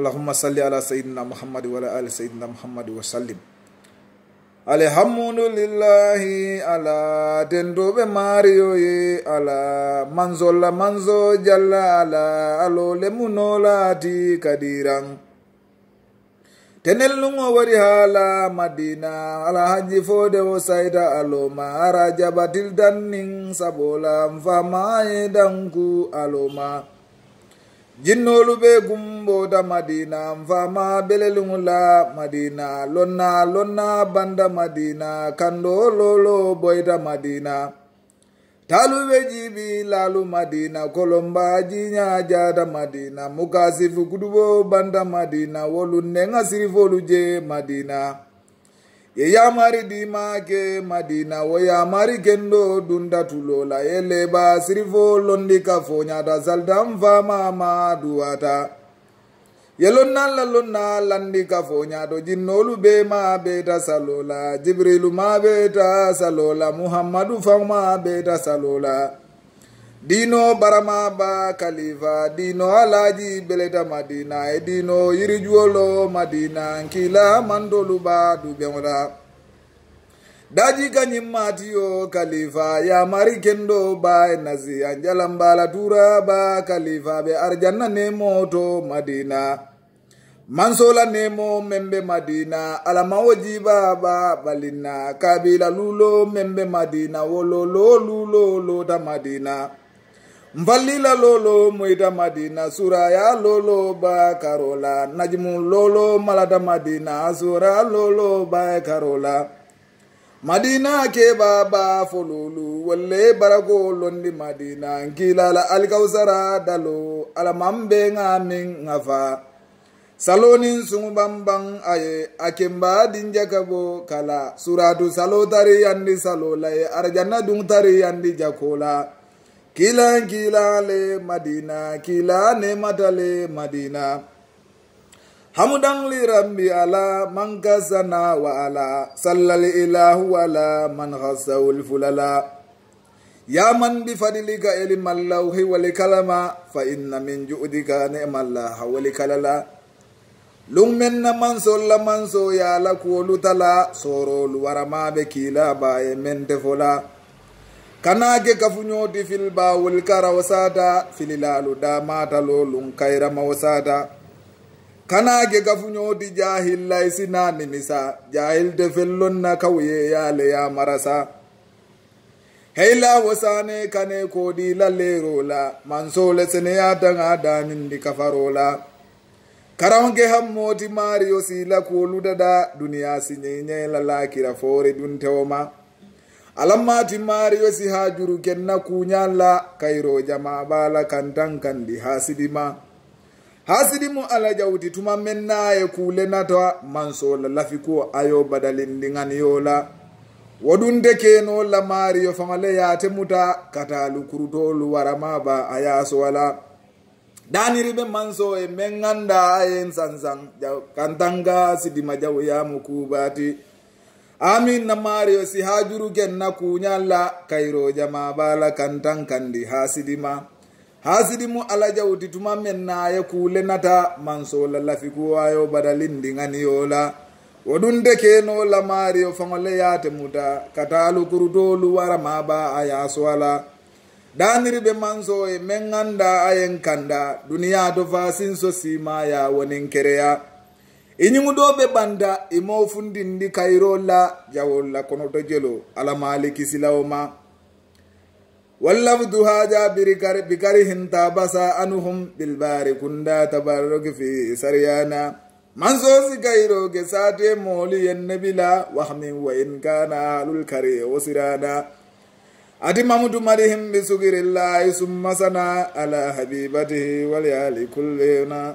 allahumma salli ala sayidina muhammadi wala ali sayidina muhammadi wa sallim alhamdulillahi ala denduɓe mariyoye ala manzolla manzo jalla ala alole munolaadi kadiran tenelnugo wari haala madina ala hajji fode o sayda aloma ara jabatil dannin sabola nfamayedanku aloma jinnolu ɓe gumboda madina fama belelula madina lonna lonna banda madina kando lolo boyda madina taluɓe jiɓi lalu madina kolomba jiya jada madina mukasifu guduɓo banda madina wolu nega sirifolu je madina ye yamari dimake madina wo yamari gendo dundatulola ye leba sirifo londi ka fo yata saldan fama maduwata ye lonnalla lonna landi ka fo yato jinnolu be ma beta salola jibrilu ma beta salola muhammadu fama beta salola dino barama ba kalifa dino alaji beleta madina e dino yirijuwolo madina nkila mandolu ba dubeŋola daji kañim matiyo kalifa yamari kendo ba e nasi anjalam bala tura ba kalifa be arjanna nemo to madina mansola nemo membe madina alamawo jiba ba balinna kabila lulo membe madina wololo lulo lota madina mballila lolo moyda madina suraya lolo bakarola najmu lolo malada madina sura lolo bakarola madina keɓa bafololu walle barago londi madina kilala alkausara dalo alamambe ga min gafa salonin sumu bambam aye akemba dinjakabo kala suradu salo tari yandi salolaye arajanna dun tari yandi jakola kilan kilale madina kilane matale madina hamudanli rambi ala man kasana wa ala sallali ilahu ala man hasawulfulala ya man bi fadilika eli mallauhi wali kalama fa inna min judika nemallaha wali kalala lun menna mansolla manso yala kuwolutala sorolu waramaɓe kila baye mentefola kanage gafuñoodi fil baawol kara wo saada fililaaluɗa maataloolum kayrama wo saada kanage gafuñoodi jahillay sinanimisa jahilde fellonna kawuye yaale yamarasa heyla wo saane kane kooɗi la leerola mansole sene yadaŋa danindi kafarola karawge hammoodi maariyo siila kuoludaɗa duniya siñeñeela laakira foore ɗum tewo ma alammati maari yosi haa juru kenna kuñalla kayroja ma ɓaala kan tan kandi haa siɗima haa siɗi mu ala jawti tuma men naye kulenata mansola lafi ko ayo badalindigan yola woɗunde kenolla maariyo famale yaate muta katalu kurutolu warama ba a yaaso wala daniriɓe manso e men ganda a yen sansan kantanga sidima jawyamu kubati amin na mario si hajuru gen na kunyalla kairoja ma bala kantan kandi ha sidima ha sidimu alajauti tuma men naye kulenata mansola lafikuwayo badalindiganiyola woɗunde kenola mario fangole yate muta katalu kurutolu wara maba ayasowala daniriɓe mansoye men ganda ayen kanda duniya to fasinso sima ya wonin kereya iñiguɗoɓe banda e, e mofundindi kayro la jawolla kono to jelo alamaliki silawo ma wallafdu haja bikari hintaba sa anuhum bilbari kunda tabarruki fi saryana man sosi gayroge sati mooli yennebila wahmin wa in kana ahalul kari e wosirana ati mamudu mari himɓe sugirillahi summa sana ala habibatihi walyali kullina